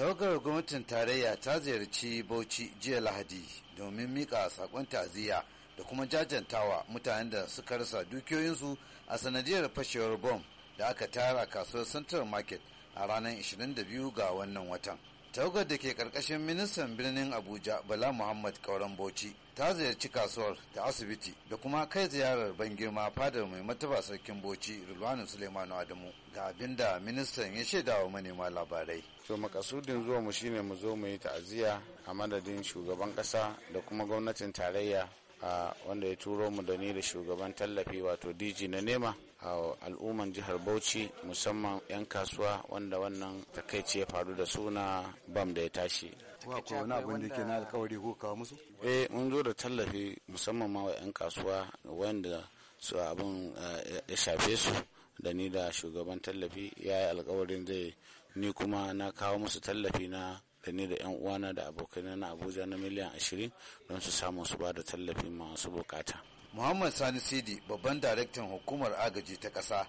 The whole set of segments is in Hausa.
tawagar gwamnatin tarayya ta ziyarci bauchi jiya lahadi domin mika sakon ta'aziyya da kuma jajantawa mutanen da suka rasa dukiyoyinsu a sanadiyar fashewar bom da aka tara kasuwar central market a ranar 22 ga wannan watan tawagar da ke karkashin ministan birnin abuja bala muhammad kauran bauchi ta ziyarci kasuwar da asibiti da kuma kai ziyarar ban girma fadar mai mataba sarkin bauchi rulwanu suleimanu adamu ga abin da ministan ya shaida wa manema labarai to makasudin zuwa mu shine mu zo mu yi ta'aziyya a madadin shugaban kasa da kuma gwamnatin tarayya wanda ya turo mu da ni da shugaban tallafi wato dg na nema a al'umman jihar bauchi musamman 'yan kasuwa wanda wannan takaici ya faru da suna bam da ya tashi wa ko wani abin da ke na alkawari ko kawo musu eh mun zo da tallafi musamman ma wa 'yan kasuwa wanda su abin ya shafe su da ni da shugaban tallafi ya yi alkawarin zai ni kuma na kawo musu tallafi na da ni da yan uwana da abokaina na abuja na miliyan ashirin don su samu su ba da tallafi masu bukata muhammad sani sidi babban daraktan hukumar agaji ta ƙasa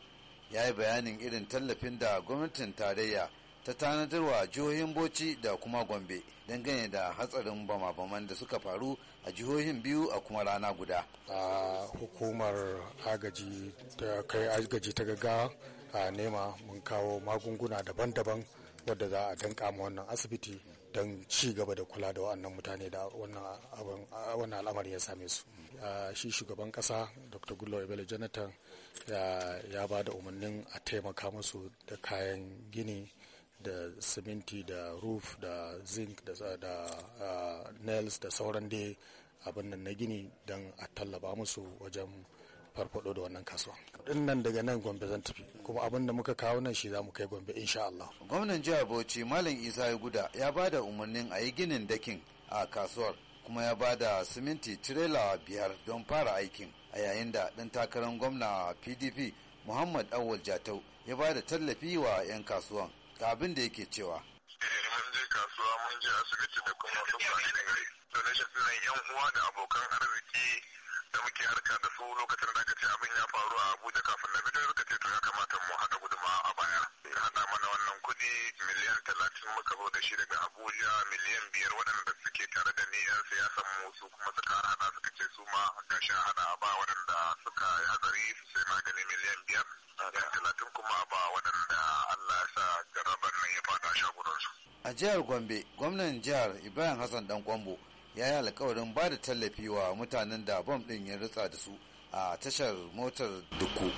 ya yi bayanin irin tallafin da gwamnatin tarayya ta tanadarwa jihohin Bauchi da kuma Gombe dangane da hatsarin bama-baman da suka faru a jihohin biyu a kuma rana guda. A hukumar agaji ta kai agaji ta gaggawa a nema mun kawo magunguna daban-daban wadda za a danka ma wannan asibiti don ci gaba da kula da wannan mutane da wannan al'amari ya same su shi shugaban kasa dr gullo ebele jonathan ya ba da umarnin a taimaka musu da kayan gini da siminti da roof da zinc da, nails da sauran dai abin nan na gini don a tallaba musu wajen farfado da wannan kasuwa kudin nan daga nan gombe zan tafi kuma abin da muka kawo nan shi za mu kai gombe insha Allah gwamnan jihar Bauchi Malam Isa Guda ya ba da umarnin a yi ginin dakin a kasuwar kuma ya ba da siminti tirela biyar don fara aikin a yayin da dan takarar gwamna pdp muhammad Awul jatau ya ba da tallafi wa 'yan kasuwan ga abin da yake cewa eh, mun je kasuwa mun je asibiti da kuma wasu gari da na shafi yan uwa da abokan arziki da muke harka da su lokacin da ce abin ya faru a Abuja kafin na bidiyo suka ce to ya kamata mu haɗa guduma a baya. Ya haɗa mana wannan kuɗi miliyan talatin muka zo da shi daga Abuja miliyan biyar waɗanda suke tare da ni 'yan siyasan mu su kuma kara haɗa suka ce su ma gashi a haɗa a ba waɗanda suka yi hatsari su sai magani miliyan biyar. Miliyan talatin kuma a ba waɗanda Allah ya sa jarabar nan ya fada shagunansu. A jihar Gombe, gwamnan jihar Ibrahim Hassan Dan Kwambo ya yi alkawarin ba da tallafi wa mutanen da bom ɗin ya rutsa da su a tashar motar duku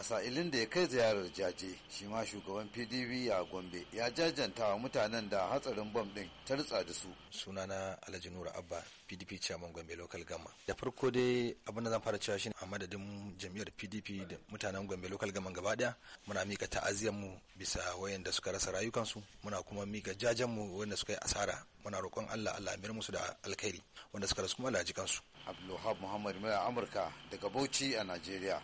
a sa'ilin da ya kai ziyarar jaje shi ma shugaban pdp a gombe ya jajanta wa mutanen da hatsarin bom din ta ritsa da su Suna na alhaji nura abba pdp chairman gombe local gama da farko dai abin da zan fara cewa shine a madadin jam'iyyar pdp da mutanen gombe local gama gaba daya muna mika ta'aziyar mu bisa wayanda suka rasa rayukansu muna kuma mika jajen mu wanda suka yi asara muna roƙon Allah Allah amir musu da alkhairi wanda suka rasu kuma Allah ji kansu Abdulwahab Muhammad mai Amurka daga Bauchi a Najeriya